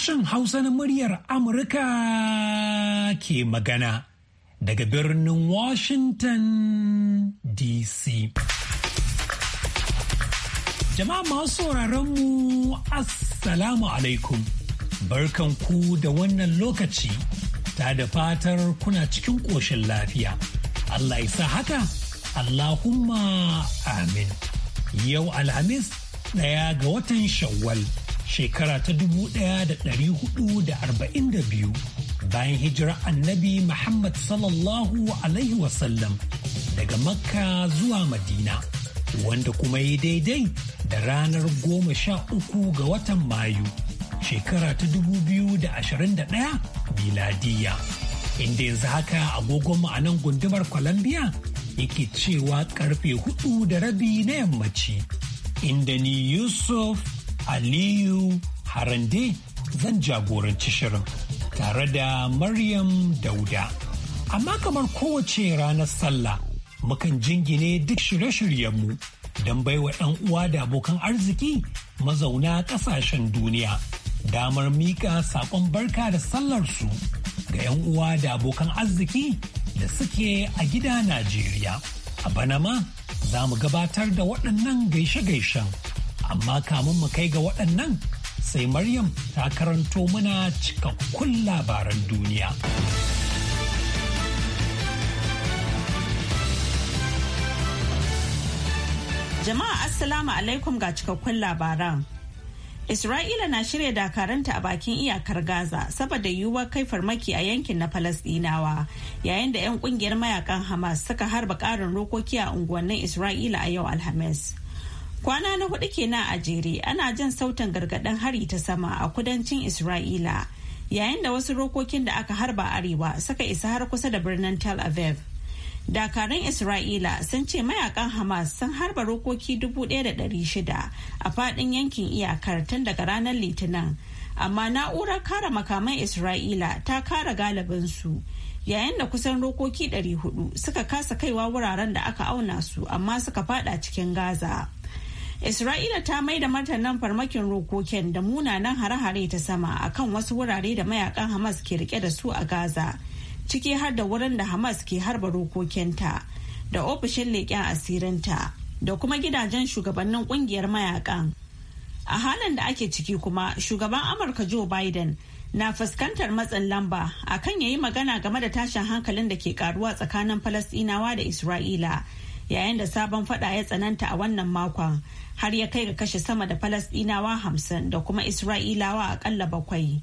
sashen Hausa na muryar Amurka ke magana daga birnin Washington DC. Jama'a masu mu Assalamu alaikum. Barkan ku da wannan lokaci ta da fatar kuna cikin ƙoshin lafiya. Allah isa haka, Allahumma amin. Yau Alhamis ɗaya ga watan Shawwal. shekara ta 1442 bayan hijira annabi Muhammad sallallahu Alaihi wasallam daga Makka zuwa Madina, wanda kuma yi daidai da ranar goma sha uku ga watan Mayu, shekara ta 2021 biladiya Inda yanzu haka agogon ma'anan gundumar Columbia. yake cewa karfe hudu da rabi na yammaci, inda ni Yusuf Aliyu Harande zan jagoranci shirin tare da Maryam Dauda. Amma kamar kowace ranar sallah mukan jingine duk shirye-shiryenmu don baiwa 'yan uwa da abokan arziki mazauna ƙasashen duniya damar mika saƙon barka da sallarsu ga 'yan uwa da abokan arziki da suke a gida Najeriya. A bana ma za mu gabatar da waɗannan gaishe-gaishen. Amma kamun mu kai ga waɗannan sai Maryam ta karanto mana cikakkun labaran duniya. Jama'a Assalamu alaikum ga cikakkun labaran. Isra'ila na shirya dakaranta a bakin iyakar Gaza saboda yiwuwar kai farmaki a yankin na Falasdinawa yayin da 'yan kungiyar mayakan Hamas suka harba ƙarin rokoki a unguwannin Isra'ila a yau Alhamis. Kwana na hudu kenan a jere ana jin sautin gargaɗin hari ta sama a kudancin Isra'ila yayin da wasu rokokin da aka harba arewa suka isa har kusa da birnin Tel Aviv. Dakarun Isra'ila sun ce mayakan Hamas sun harba rokoki 1,600 a fadin yankin iyakar tun daga ranar Litinin. amma na'urar kare makaman isra'ila ta kare galibinsu yayin da kusan rokoki 400 suka kasa kaiwa wuraren da aka auna su amma suka fada cikin gaza Isra'ila ta mai da martanin farmakin rokoken da munanan hare-hare ta sama akan wasu wurare da mayakan Hamas ke rike da su a Gaza, ciki har da wurin da Hamas ke harba rokokenta da ofishin leƙen asirinta da kuma gidajen shugabannin ƙungiyar mayakan. A halin da ake ciki kuma, shugaban Amurka Joe Biden na fuskantar matsin lamba akan yayi magana game da tashin hankalin da ke karuwa tsakanin Falasɗinawa da Isra'ila. yayin da sabon fada ya tsananta a wannan makon har ya kai ga kashe sama da falasdinawa hamsin da kuma isra'ilawa a akalla bakwai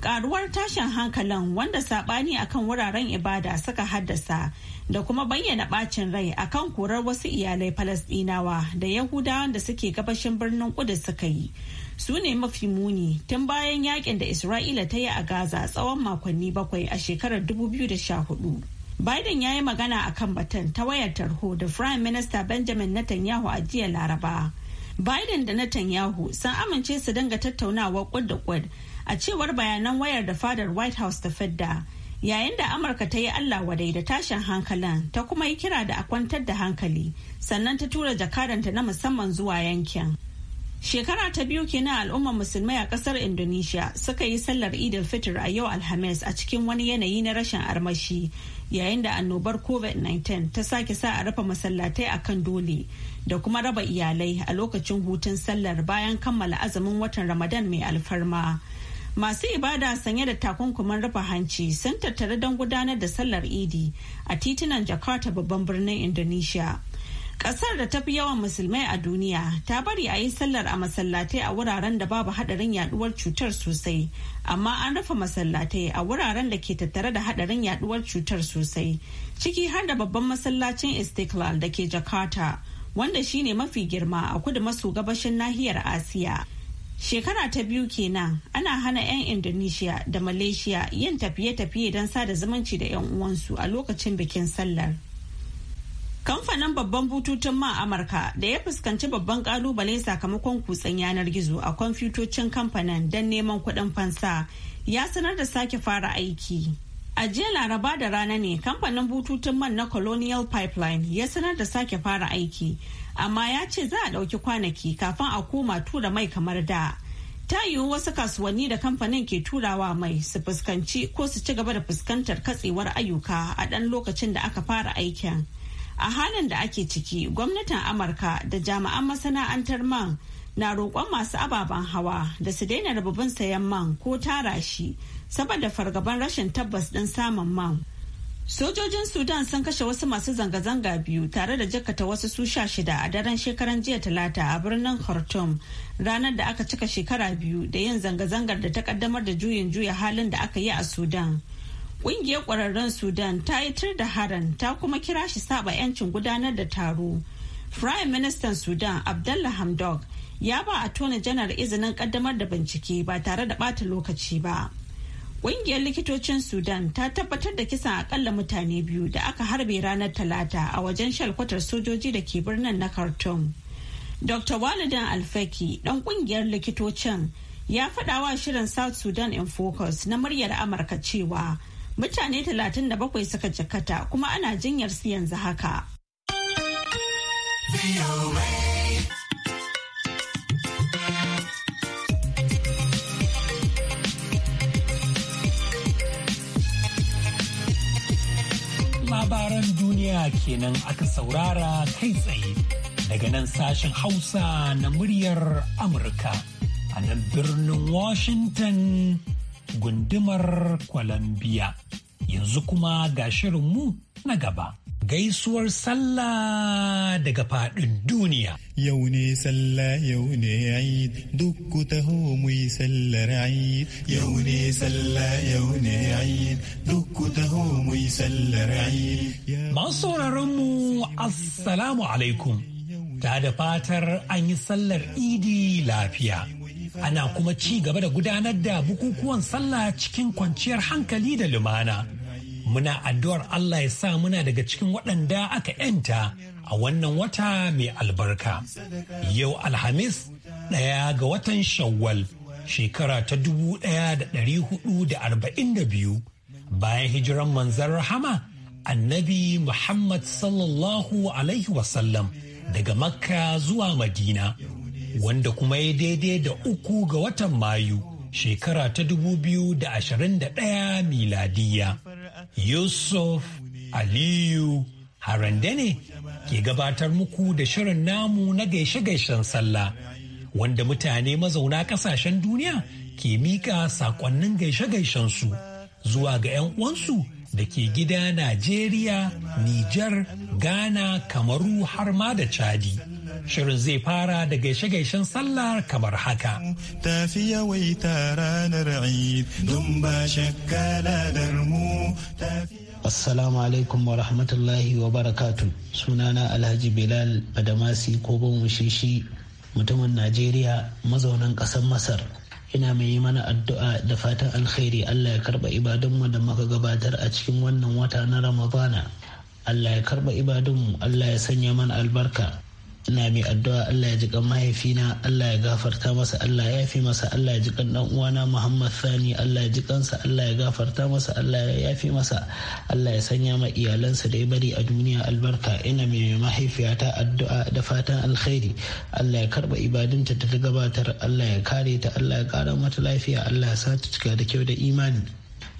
karuwar tashin hankalin wanda sabani akan wuraren ibada suka haddasa da kuma bayyana bacin rai akan korar wasu iyalai falasdinawa da yahudawan da suke gabashin birnin kudus suka yi su ne mafi muni tun bayan yakin da isra'ila ta yi a gaza tsawon makonni bakwai a shekarar 2014 Biden ya yi magana a kan batun ta wayar tarho da Prime Minister Benjamin Netanyahu a jiya Laraba. Biden da Netanyahu sun amince su dinga tattaunawa kud da kud a cewar bayanan wayar da fadar White House ta fidda. Yayin da Amurka ta yi Allah wadai da tashin hankalin ta kuma yi kira da a kwantar da hankali sannan ta tura jakadanta na musamman zuwa yankin. Shekara ta biyu kenan al'ummar musulmai a kasar Indonesia suka yi sallar Idil Fitr a yau Alhamis a cikin wani yanayi na rashin armashi yayin da annobar COVID-19 ta sake sa a rufe masallatai a kan dole da kuma raba iyalai a lokacin hutun sallar bayan kammala azumin watan Ramadan mai alfarma. Masu ibada sanye da takunkumin rufe hanci sun tattare don gudanar da sallar Idi a titunan Jakarta babban birnin Indonesia. Ƙasar da tafi yawan musulmai a duniya ta bari a yi sallar a masallatai a wuraren da babu haɗarin yaduwar cutar sosai, amma an rufe masallatai a wuraren da ke tattare da haɗarin yaduwar cutar sosai, ciki har da babban masallacin Istiklal da ke Jakarta, wanda shine mafi girma a kudu maso gabashin nahiyar Asiya. Shekara ta biyu kenan ana hana 'yan Indonesia da Malaysia yin tafiye-tafiye don sada zumunci da 'yan uwansu a lokacin bikin sallar. Kamfanin babban bututun man Amurka da ya fuskanci babban kalubale sakamakon kutsen yanar gizo a kwamfutocin kamfanin don neman kuɗin fansa ya sanar da sake fara aiki. A jiya laraba da rana ne kamfanin bututun man na Colonial Pipeline ya sanar da sake fara aiki, amma ya ce za a ɗauki kwanaki kafin a koma tura mai kamar da. Ta yiwu wasu kasuwanni da kamfanin ke turawa mai su fuskanci ko su ci gaba da fuskantar katsewar ayyuka a ɗan lokacin da aka fara aikin. a halin da ake ciki gwamnatin amurka da jami'an masana'antar man na roƙon masu ababen hawa da su daina rababin sayan man ko tara shi saboda fargaban rashin tabbas ɗin samun man sojojin sudan sun kashe wasu masu zanga-zanga biyu tare da jakata wasu su sha shida a daren shekaran jiya talata a birnin khartoum ranar da aka cika shekara biyu da yin zanga-zangar da ta kaddamar da juyin juya halin da aka yi a sudan Ƙungiyar ƙwararren Sudan ta yi tir da haran ta kuma kira shi saba 'yancin gudanar da taro. Prime Minister Sudan Abdullah Hamdok ya ba a tona janar izinin kaddamar da bincike ba tare da bata lokaci ba. Ƙungiyar likitocin Sudan ta tabbatar da kisan akalla mutane biyu da aka harbe ranar Talata a wajen shalkwatar sojoji da ke birnin na Khartoum. Dr. Walidan Alfaki, ɗan ƙungiyar likitocin, ya faɗawa shirin South Sudan in Focus na muryar Amurka cewa mutane 37 suka jakata kuma ana jinyar su yanzu haka. Labaran duniya kenan aka saurara kai tsaye daga nan sashen Hausa na muryar Amurka a nan birnin Washington gundumar Columbia. Yanzu kuma ga shirinmu na gaba. Gaisuwar sallah daga faɗin duniya. Yau ne sallah yau ne ayi duk ku taho mu yi sallar ayi. Yau ne sallah yau ne ayi duk ku taho mu yi sallar ayi. Masu sauraron mu Assalamu alaikum. Ta da fatar an yi sallar Idi lafiya. ana kuma ci gaba da gudanar da bukukuwan sallah cikin kwanciyar hankali da lumana muna addu'ar Allah ya sa muna daga cikin waɗanda aka 'yanta a wannan wata mai albarka yau alhamis ɗaya ga watan shawwal shekara ta dubu ɗaya da ɗari da arba'in da biyu, bayan hijiran manzan rahama annabi muhammad sallallahu alaihi wasallam daga makka zuwa madina wanda kuma ya daidai da uku ga watan Mayu shekara ta dubu biyu da da ashirin 2021 miladiya. Yusuf Aliyu Harande ne ke gabatar muku da shirin namu na gaishe-gaishen sallah wanda mutane mazauna kasashen duniya ke mika sakonnin gaishe gaishen su, zuwa ga 'yan uwansu da ke gida Najeriya, Nijar, Ghana, Kamaru har ma da Chadi. Shirin zai fara da gaishe-gaishen sallah kamar haka. Tafi yawaita ranar ba mu Assalamu alaikum wa rahmatullahi wa barakatu. Sunana Alhaji Bilal Adamasi ko Mushishi mutumin Najeriya mazaunan ƙasar Masar. Ina mai yi mana addu'a da fatan alkhairi Allah ya karɓa ibadunmu da muka gabatar a cikin wannan wata na Ramadana. Allah ya karɓa ibadunmu, Allah ya sanya mana albarka. ina mai addu'a Allah ya ji kan mahaifina Allah ya gafarta masa Allah ya yafi masa Allah ya ji kan dan uwana Muhammad Sani Allah ya ji kansa Allah ya gafarta masa Allah ya yafi masa Allah ya sanya ma iyalansa da ya bari a duniya albarka ina mai mahaifiyata addu'a da fatan alkhairi Allah ya karba ibadunta ta gabatar Allah ya kare ta Allah ya kara mata lafiya Allah ya sa ta cika da kyau da imani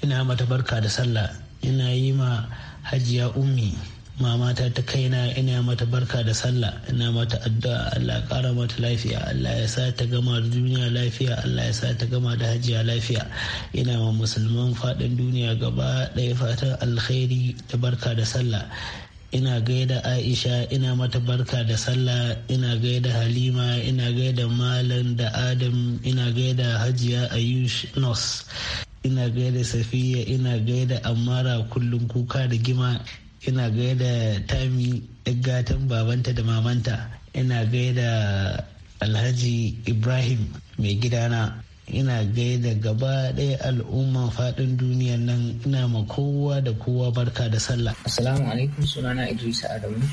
ina mata barka da sallah ina yi ma hajiya ummi mamata ta kaina ina mata barka da sallah ina mata addu'a Allah ya kara mata lafiya Allah ya sa ta gama da duniya lafiya Allah ya sa ta gama da hajiya lafiya ina ma musulman faɗin duniya gaba ɗaya fatan alkhairi da barka da sallah ina gaida aisha ina mata barka da sallah ina gaida halima ina gaida malam da adam ina gaida hajiya ayush nos ina gaida safiya ina gaida amara kullum kuka da gima ina da tami gatan babanta da mamanta ina da alhaji ibrahim mai gidana ina da gaba ɗaya al'umman faɗin duniya nan ina ma kowa da kowa barka da sallah. Assalamu alaikum sunana Idris Adamu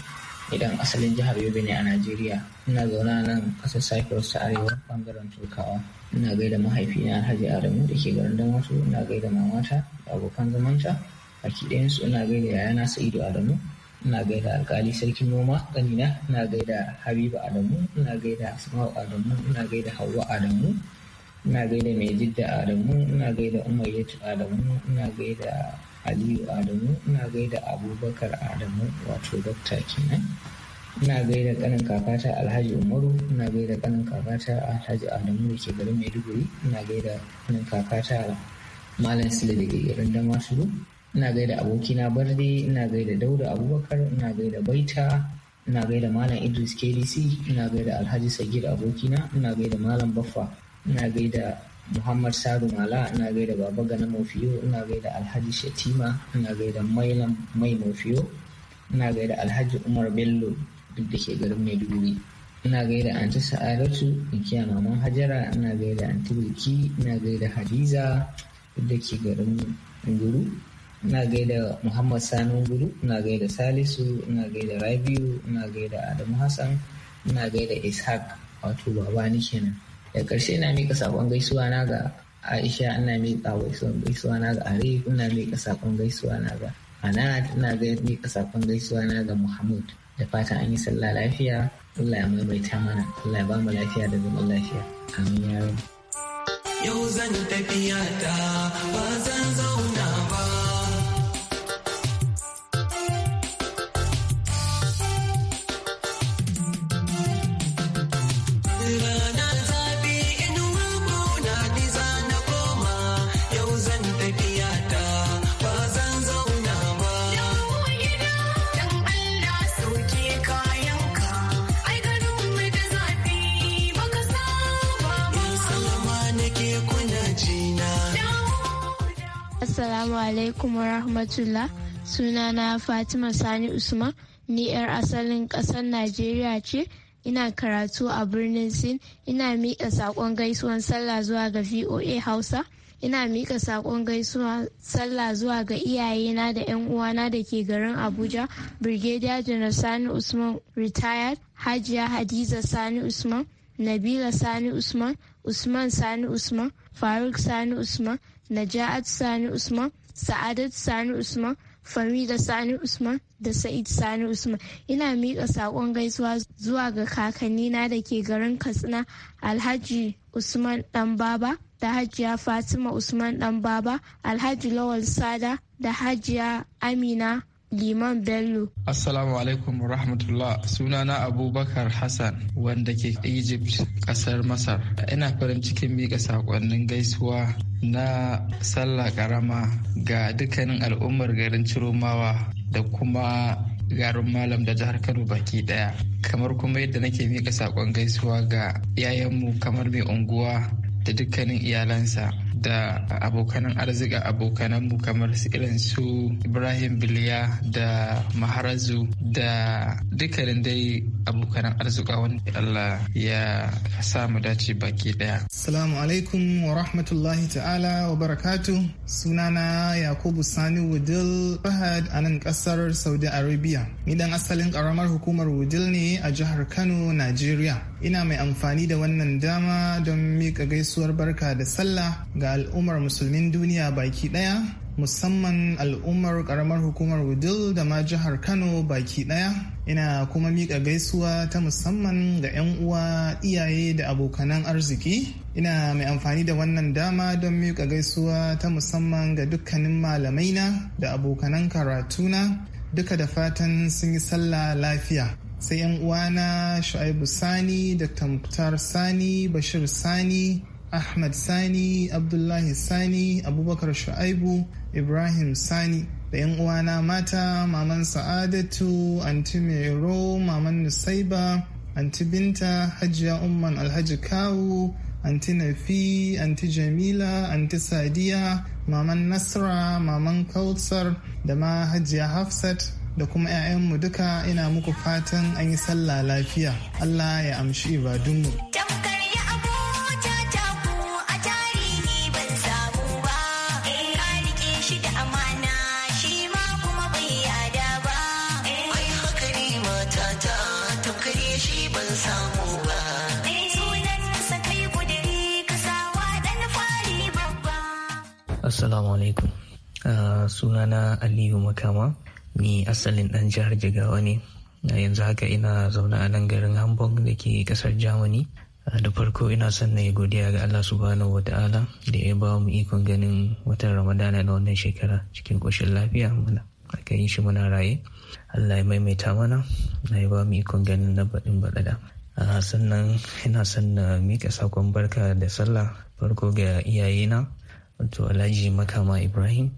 idan asalin jihar Yobe ne a Najeriya. Ina zauna nan ƙasar Cyprus ta arewa bangaren Turkawa. Ina gaida mahaifina Alhaji Adamu da ke garin Damasu, ina gaida mamata abokan zamanta. baki su ina gaida yayana sa'idu adamu ina gaida alkali Sarki noma kanina ina gaida habiba adamu ina gaida asma'u adamu ina gaida hauwa adamu ina gaida mai jidda adamu ina gaida umayyatu adamu ina gaida aliyu adamu ina gaida abubakar adamu wato dokta kenan ina gaida kanin kakata alhaji umaru ina gaida kanin kakata alhaji adamu da ke garin maiduguri ina gaida kanin kakata malam sule da ke garin ina gaida abokina barde ina gaida dauda abubakar ina gaida baita ina gaida malam idris kdc ina gaida alhaji sagir abokina ina gaida malam baffa ina gaida muhammad saru mala ina gaida baba gana mofiyo ina gaida alhaji shatima ina gaida mailam mai mofiyo ina gaida alhaji umar bello duk da ke garin maiduguri ina gaida anti sa'adatu inkiya maman hajara ina gaida anti bilki ina gaida hadiza duk da ke garin guru ina gaida muhammad sanin gudu ina gaida salisu ina gaida rabiu ina gaida adamu hassan ina gaida ishaq wato baba ni kenan da karshe ina mika sakon gaisuwa na ga aisha ina mika gaisuwa na ga arif ina mika sakon gaisuwa na ga anad ina mika sakon gaisuwa na ga muhammad da fatan an yi sallah lafiya Allah ya maimaita mana Allah ya ba mu lafiya da zaman lafiya amin ya yau zan tafiya ta ba zan zauna alaikum wa rahmatullah. Sunana Fatima Sani Usman, ni 'yar asalin ƙasar Najeriya ce. Ina karatu a birnin Sin, ina miƙa saƙon gaisuwan sallah zuwa ga VOA Hausa. Ina miƙa saƙon gaisuwa sallah zuwa ga iyayena da 'yan uwana da ke garin Abuja, Brigadier General Sani Usman retired, Hajiya Hadiza Sani Usman, Nabila Sani Usman, Usman Sani Usman, Faruk Sani Usman, Naja'at Sani Usman, Sa'adat Sani Usman, Farida Sani Usman da Sa'id Sani Usman. Ina miƙa saƙon gaisuwa zuwa ga kakannina da ke garin Katsina Alhaji Usman Dan da Hajiya Fatima Usman Dan Alhaji Lawal Sada da Hajiya Amina Liman Bello. Assalamu alaikum rahmatullah sunana Abubakar Hassan wanda ke Egypt kasar Masar. Ina farin cikin miƙa saƙonnin gaisuwa na sallah ƙarama ga dukkanin al'ummar garin Ciromawa da kuma garin malam da jihar Kano baki ɗaya. Kamar kuma yadda nake miƙa saƙon gaisuwa ga 'ya'yanmu kamar mai unguwa da dukkanin iyalansa. da abokanan arzika abokananmu kamar su irin su ibrahim biliya da maharazu da dukkanin dai abokanan arzika wanda allah ya sa mu dace baki daya salamu alaikum wa rahmatullahi ta'ala wa barakatu sunana yakubu sani wudil fahad a nan kasar saudi arabia ni dan asalin karamar hukumar wudil ne a jihar kano najeriya ina mai amfani da wannan dama don miƙa gaisuwar barka da sallah ga ga al'ummar musulmin duniya baki daya musamman al'ummar karamar hukumar wudil da ma jihar kano baki daya ina kuma miƙa gaisuwa ta musamman ga 'yan uwa iyaye da abokanan arziki ina mai amfani da wannan dama don mika gaisuwa ta musamman ga dukkanin malamaina da abokanan karatuna duka da fatan sun yi sallah lafiya sai 'yan uwana shu'aibu sani da tamtar sani bashir sani ahmad sani abdullahi sani abubakar shu'aibu ibrahim sani da yan uwana mata maman sa'adatu anti mero maman nusaiba anti binta hajiya umman alhaji kawu anti nafi anti jamila anti sadiya maman nasra maman kautsar da ma hajiya hafsat da kuma 'ya'yanmu duka ina muku fatan an yi sallah lafiya allah ya amshi ibadunmu. alaikum. Ah, na Aliyu Makama, ni asalin ɗan jihar Jigawa ne. Yanzu haka ina zaune a nan garin Hamburg da ke ƙasar Germany. Ah, da farko ina son na yi godiya ga Allah subhanahu wa ta'ala da ya ba mu ikon ganin watan ramadana na wannan shekara cikin koshin lafiya muna aka yi shi muna raye Allah ya maimaita mana na ya ba mu ikon ganin na baɗin baɗaɗa ah, sannan ina son na mika sakon barka da sallah farko ga iyayena wato alhaji makama ibrahim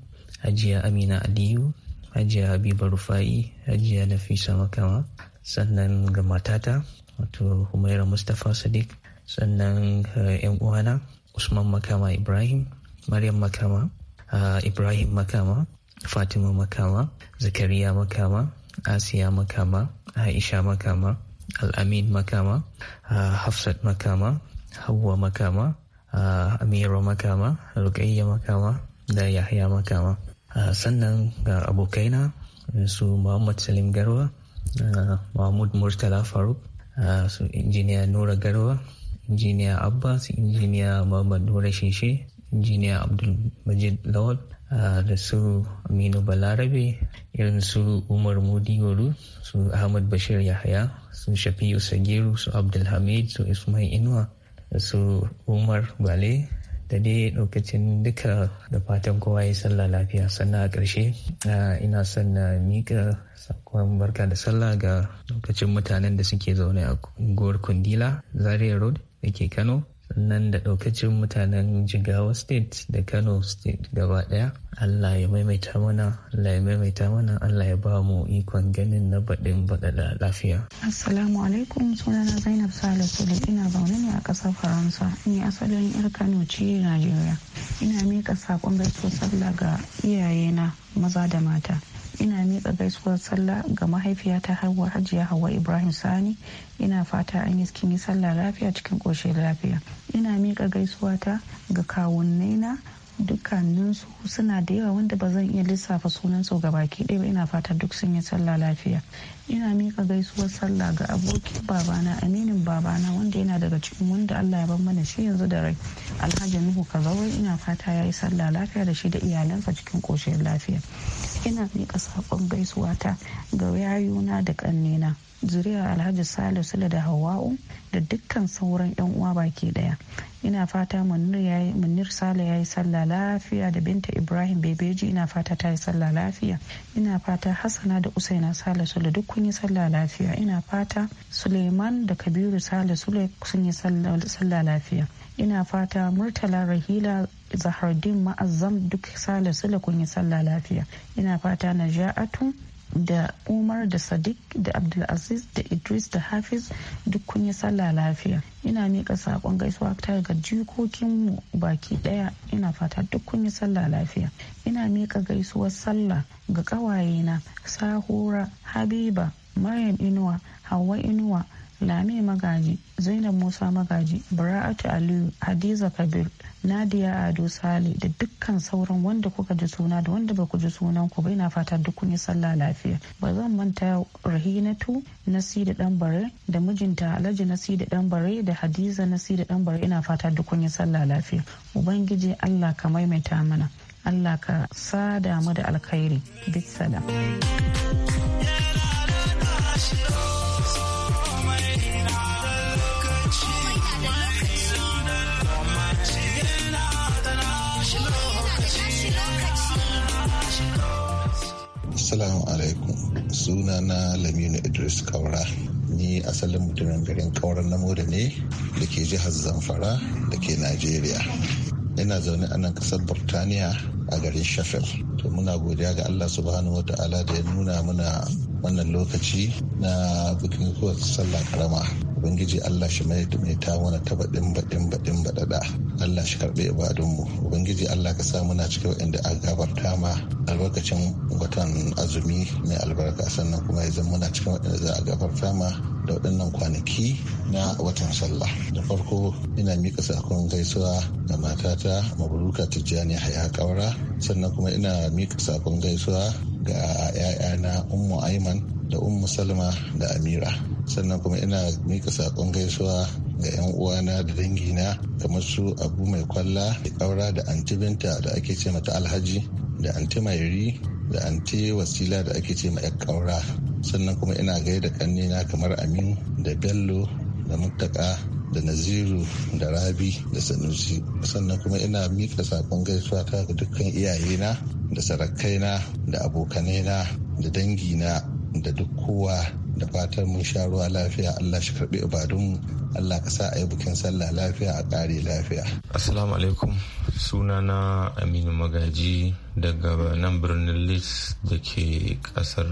hajiya amina aliyu hajiya habiba rufa'i hajiya nafisa makama sannan ga matata wato humaira mustapha sadiq sannan yan uwana usman makama ibrahim maryam makama ibrahim makama fatima makama zakariya makama asiya makama aisha makama al'amin makama hafsat makama hawa makama Ah, amira makama rukayya makama da yahya makama ah, sannan ga ah, abokaina su muhammad salim garba mahmud murtala faruk su injiniya nura garwa injiniya abbas injiniya muhammad nura sheshe injiniya Abdul abdulmajid lawal da su aminu balarabe irin su umar mudi su ahmad bashir yahya su shafi'u sagiru su abdulhamid su ismail inuwa su umar bale da dai lokacin duka da fatan kowa ya sallah lafiya sannan a ƙarshe ina son miƙa sakon barka da sallah ga lokacin mutanen da suke zaune a unguwar kundila zaria road da ke kano nan da ɗaukacin mutanen jigawa state da kano state gaba ɗaya allah ya maimaita mana allah ya maimaita mana allah ya ba mu ikon ganin na baɗin da lafiya assalamu alaikum sunana zainab salisu da ina zaune ne a ƙasar faransa ni asalin yar kano ce najeriya ina mika saƙon gaisuwar sallah ga iyayena maza da mata ina miƙa gaisuwar sallah ga mahaifiyata harwa hajiya hawa ibrahim sani ina fata an yi cikin sallah lafiya cikin ƙoshin lafiya ina miƙa gaisuwata ga kawunnaina dukkaninsu suna da yawa wanda ba zan iya lissafa sunansu ga baki ɗaya ba ina fata duk sun yi sallah lafiya ina mika gaisuwar sallah ga abokin babana aminin babana wanda yana daga cikin wanda allah ya bar mana shi yanzu da rai alhaji nuhu kazawa ina fata ya yi sallah lafiya da shi da iyalansa cikin koshin lafiya ina mika saƙon gaisuwa ta ga yayuna da ƙannena zuriyar alhaji salisu sula da hawa'u da dukkan sauran yan uwa baki daya ina fata munir sale ya yi sallah lafiya da binta ibrahim bebeji ina fata ta yi sallah lafiya ina fata hasana da usaina sale sula duk kun yi sallah lafiya ina fata suleiman da kabiru sale sule sun yi sallah lafiya ina fata murtala rahila zahardin ma'azzam duk sale sule kun yi sallah lafiya ina fata naja'atu da umar da sadiq da abdulaziz da idris da hafiz duk kun yi sallah lafiya ina miƙa saƙon gaisuwa ta ga jikokinmu baki ɗaya ina fata duk kun yi sallah lafiya ina miƙa gaisuwar sallah ga ƙawayena sahura habiba maryam inuwa hawa inuwa lami magaji zainab musa magaji bara'atu aliyu hadiza kabir nadiya ado sale da dukkan sauran wanda kuka ji suna da wanda ba ku ji sunan ku bai na fata duk kun sallah lafiya ba zan manta rahinatu nasida danbare da mijinta alhaji nasida danbare da hadiza dan danbare ina fata duk kun sallah lafiya ubangiji allah ka maimaita mana Allah ka sa damu da alkhairi bisalam. Assalamu alaikum suna na Laminu Idris Kaura ni asalin mutumin garin Kaura na Moda ne da ke jihar Zamfara da ke Najeriya. ina zaune a nan kasar burtaniya a garin Sheffield. to muna godiya ga allah subhanahu wa ta'ala da ya nuna muna wannan lokaci na bikin kowace sallah karama ubangiji allah shi mai ta mana ta baɗin baɗin baɗin baɗaɗa allah shi karɓe ibadunmu ubangiji allah ka sa muna cikin inda a gabarta ma albarkacin watan azumi mai albarka sannan kuma ya zama muna cikin waɗanda za a gabarta ma da waɗannan kwanaki na watan sallah da farko ina miƙa saƙon gaisuwa ga matata mabaruka tijjani haya ƙaura. sannan kuma ina miƙa sakon gaisuwa ga 'ya'yana ummu aiman da ummu salma da amira sannan kuma ina miƙa saƙon gaisuwa ga 'yan uwana da dangina kamar su abu mai kwalla da kaura da antibinta da ake ce mata alhaji da Mayri. da anti wasila da ake ce ma yar ƙaura sannan kuma ina gaida ƙannena kamar amin da bello da muttaka da naziru da rabi da sanusi sannan kuma ina miƙa sakon gaisuwa ta ga dukkan iyayena da sarakaina da abokanaina da dangina da duk kowa da fatan mun sha ruwa lafiya Allah shi karbi ibadunmu Allah ka sa a yi bukin sallah lafiya a kare lafiya. Assalamu alaikum sunana Aminu Magaji daga nan birnin Leeds da ke kasar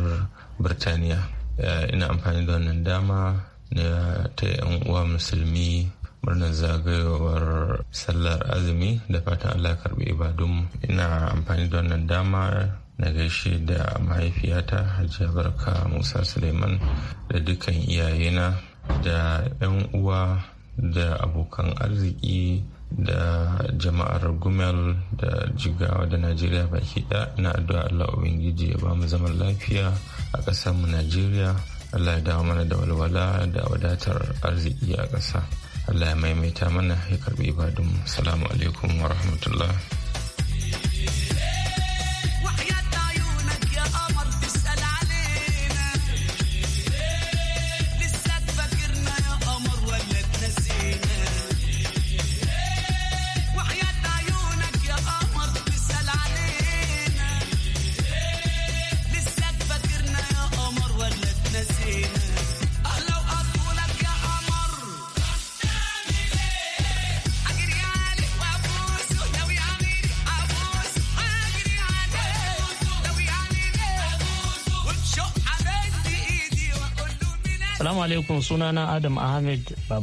Birtaniya. Eh, ina amfani da wannan dama na ta yan uwa musulmi murnar zagayowar sallar azumi da fatan Allah karbi ibadunmu. Ina amfani da wannan dama na gaishe da mahaifiyata hajiya barka musa suleiman da dukkan iyayena da 'yan uwa da abokan arziki da jama'ar gumel da jigawa da najeriya baki ɗaya ina addu'a allah ubangiji ya ba mu zaman lafiya a ƙasarmu najeriya allah ya dawo mana da walwala da wadatar arziki a ƙasa allah ya maimaita mana ya karbi ibadunmu salamu alaikum wa rahmatullah Salamu alaikum sunana Adam Ahmed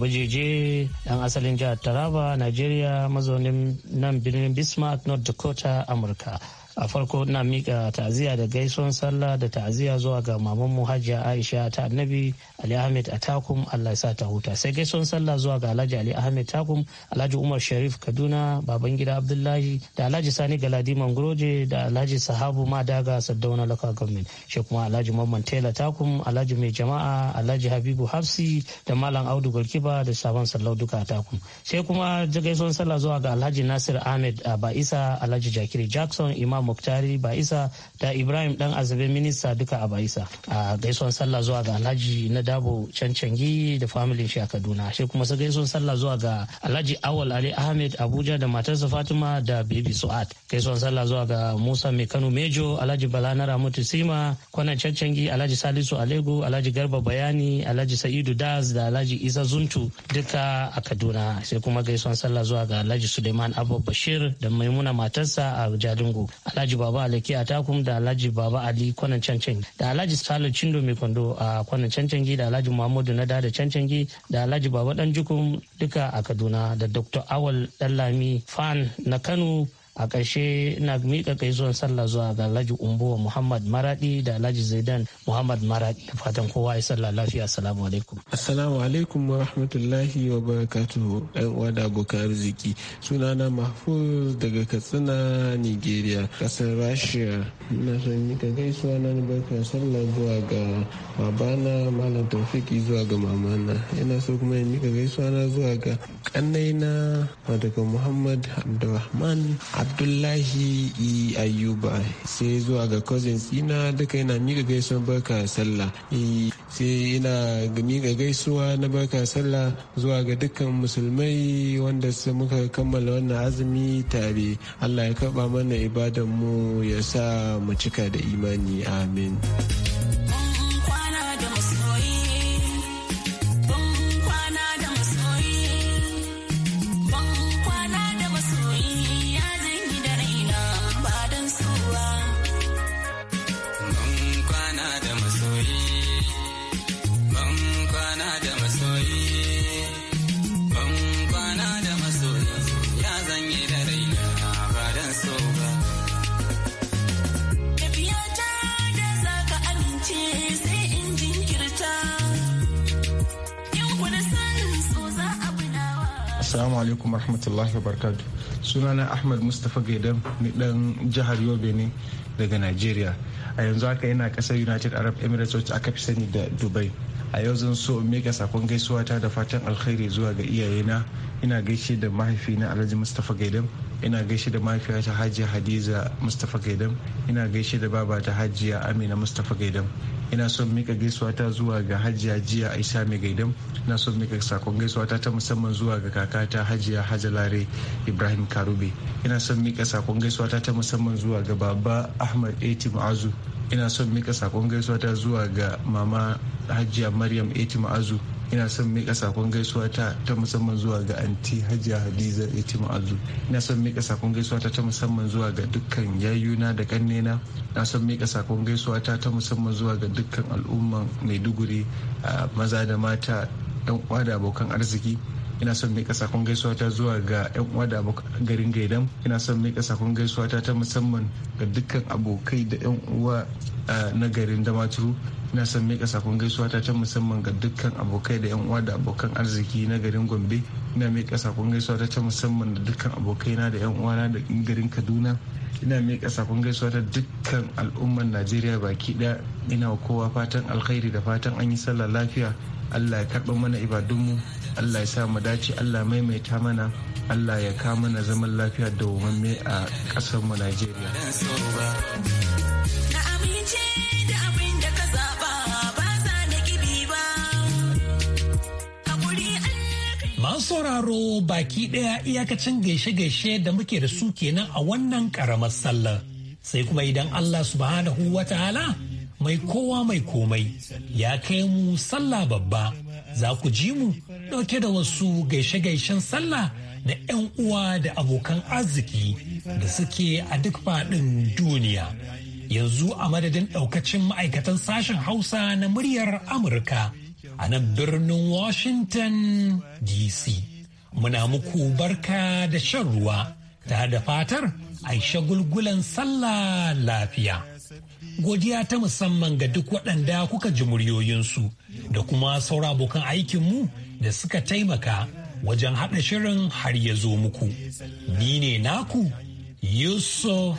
jeje ɗan asalin jihar Taraba, nigeria mazaunin nan birnin Bismarck, North Dakota, Amurka. a farko na mika ta'aziyya da gaisuwan sallah da ta'aziyya zuwa ga mamanmu hajiya aisha ta annabi ali ahmed atakum allah ya sa ta huta sai gaisuwan sallah zuwa ga alhaji ali ahmed takum alhaji umar sharif kaduna babangida abdullahi da alhaji sani galadi mangroje da alhaji sahabu madaga saddauna local government shi kuma alhaji mamman tela takum alhaji mai jama'a alhaji habibu hafsi da malam audu golkiba da sabon sallau duka takum sai kuma gaisuwan sallah zuwa ga alhaji nasir ahmed a isa alhaji jakiri jackson imam muktari ba'isa da ibrahim dan azabe minista duka a ba'isa a gaisuwan sallah zuwa ga alhaji na dabo cancangi da familin shi a kaduna shi kuma su gaisuwan sallah zuwa ga alhaji awal ali ahmed abuja da matarsa fatima da baby su'ad gaisuwan sallah zuwa ga musa mai kano mejo alhaji bala na ramutu sima kwanan cancangi alhaji salisu alego alhaji garba bayani alhaji sa'idu das da alhaji isa zuntu duka a kaduna sai kuma gaisuwan sallah zuwa ga alhaji suleiman abu bashir da maimuna matarsa a jalingo alhaji baba alake a takum da alhaji baba ali kwanan Cancan da alhaji salo Chindo mai kwando a kwanan cancangi da alhaji muhammadu na da cancangi da alhaji baba dan duka a kaduna da dr awal dallami fan na kano a ƙarshe ina miƙa zuwan sallah zuwa ga alhaji umbuwa muhammad maradi da alhaji zaidan muhammad maradi da fatan kowa ya sallah lafiya assalamu alaikum assalamu alaikum wa rahmatullahi wa barakatuhu ɗan uwa da abokan arziki na mahfuz daga katsina nigeria ƙasar rasha ina son miƙa zuwa na barka sallah zuwa ga babana malam tawfiki zuwa ga mamana ina so kuma in miƙa gaisuwa na zuwa ga ƙannai na daga muhammad abdulrahman abdullahi e ayuba sai zuwa ga cousins ina duka yana miƙa gaisuwa barka sallah e, sai ina miƙa gaisuwa na barka sallah zuwa ga dukkan musulmai wanda su muka kammala wannan azumi tare allah ya karɓa mana ibadan mu ya sa mu cika da imani amin. alaikum warahmatullahi wabarakatuh sunana ahmad mustapha gaidan ni dan jihar yobe ne daga nigeria a yanzu haka yana kasar united arab emirates wacce aka fi sani da dubai a yau zan so in mika sakon gaisuwa ta da fatan alkhairi zuwa ga iyayena ina gaishe da mahaifina alhaji mustapha gaidan ina gaishe da mafiya ta hajiya hadiza mustapha gaidam ina gaishe da baba ta hajiya amina mustapha gaidam ina son mika gaisuwa ta zuwa ga hajiya jiya aisha mai gaidam ina son mika sakon gaisuwa ta ta musamman zuwa ga kakata hajiya hajalare ibrahim karube ina son mika sakon gaisuwa ta ta musamman zuwa ga baba ahmad eti ma'azu ina son mika sakon gaisuwa ta zuwa ga mama hajiya maryam eti ma'azu ina son mika sakon gaisuwa ta ta musamman zuwa ga anti hajiya hadiza itim ma'azu ina son mika sakon gaisuwa ta ta musamman zuwa ga dukkan yayuna da kannena ina son mika sakon gaisuwa ta ta musamman zuwa ga dukkan al'umman maiduguri maza da mata yan uwa da abokan arziki ina son mika sakon gaisuwa ta zuwa ga yan uwa da garin gaidam ina son mika sakon gaisuwa ta ta musamman ga dukkan abokai da yan uwa na garin damaturu ina son mika sakon gaisuwa ta ta musamman ga dukkan abokai da yan uwa da abokan arziki na garin gombe ina mika sakon gaisuwa ta ta musamman da dukkan abokaina da yan na da garin kaduna ina miƙa sakon gaisuwa ta dukkan al'ummar najeriya baki ɗaya ina kowa fatan alkhairi da fatan an yi sallah lafiya allah ya karɓa mana ibadunmu allah ya sa mu dace allah maimaita mana allah ya ka mana zaman lafiya da umarni a mu najeriya sauraro baki ɗaya iyakacin gaishe-gaishe da muke da su kenan a wannan ƙaramar sallar sai kuma idan Allah subhanahu wa ta'ala mai kowa mai komai ya kai mu sallah babba za ku ji mu ɗauke da wasu gaishe-gaishen sallah da 'yan uwa da abokan arziki da suke a duk faɗin duniya. Yanzu a madadin ɗaukacin ma'aikatan sashen Hausa na muryar Amurka a nan birnin Washington DC. Muna muku barka da shan ruwa ta da fatar aisha gulgulan sallah lafiya. godiya ta musamman ga duk waɗanda kuka ji muryoyinsu da kuma saura abokan aikinmu da suka taimaka wajen haɗa shirin har ya zo muku. Ni ne naku Yusuf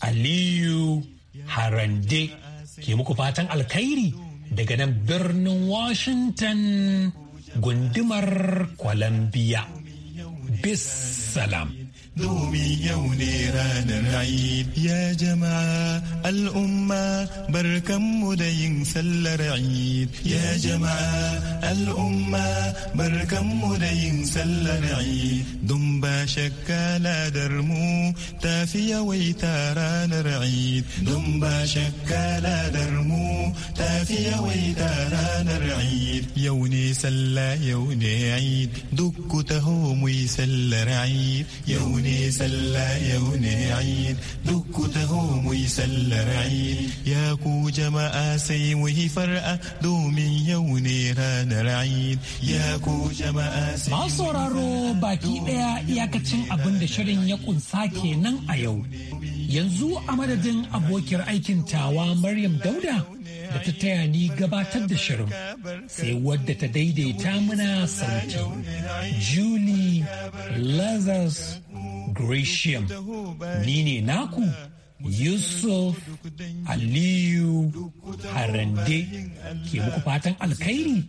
Aliyu Harande ke muku fatan alkhairi daga nan birnin Washington gundumar Columbia. Bis salam. دومي يونيران العيد يا جماعة الأمة بركم مدين سل عيد يا جماعة الأمة بركم مدين سل عيد دم باشك لا درمو تافيا ويتاران العيد دم باشك لا درمو تافيا ويتاران العيد يوني سلا يوني عيد دكته ميسل عيد يوني ne sallah yau ne ayin duk ku taho mu yi sallar ayin ya ku jama'a sai mu yi far'a domin yau ne ranar ayin ya ku jama'a sai mu sauraro baki daya iyakacin abin da shirin ya kunsa kenan a yau yanzu a madadin abokiyar aikin tawa maryam dauda da ta taya ni gabatar da shirin sai wadda ta daidaita mana sauti julie lazarus Gresham. Ni ne naku Yusuf Aliyu Harande ke muku fatan alkhairi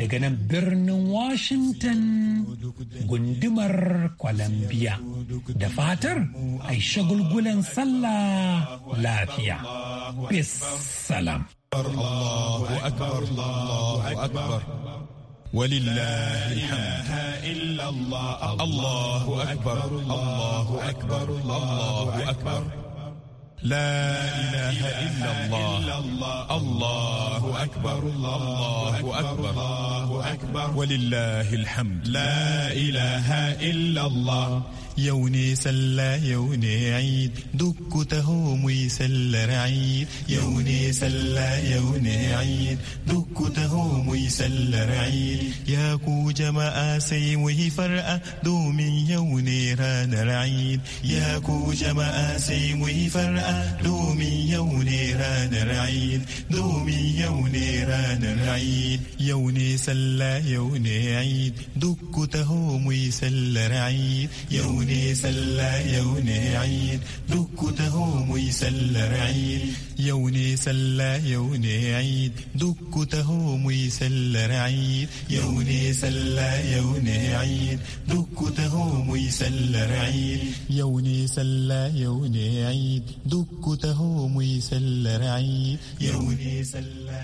daga nan birnin Washington gundumar Columbia da fatar ai shagulgulan sallah lafiya. Bis salam. Allahu akbar, Allahu akbar. ولله الحمد إلا الله الله أكبر الله أكبر الله أكبر, الله أكبر لا إله إلا الله الله أكبر الله أكبر الله أكبر ولله الحمد لا إله إلا الله يوني سلا يوني عيد دك تهوم يسل رعيد يوني سلا يوني عيد دك تهوم يسل رعيد يا كو جما سي وهي فرقة دومي يوني ران رعيد يا كو جما سي وهي فرقة domin yau ne ranar Eid domin yau ne ranar Eid yau ne sallah yau ne Eid duk taho mu yi sallar Eid yau ne sallah yau ne Eid duk taho mu yi sallar Eid yau ne sallah yau ne aid duk ku taho mu yi sallar aid yau ne sallah yau ne aid duk ku taho mu yi sallar aid yau ne sallah yau ne aid duk ku taho mu yi sallar aid yau ne sallah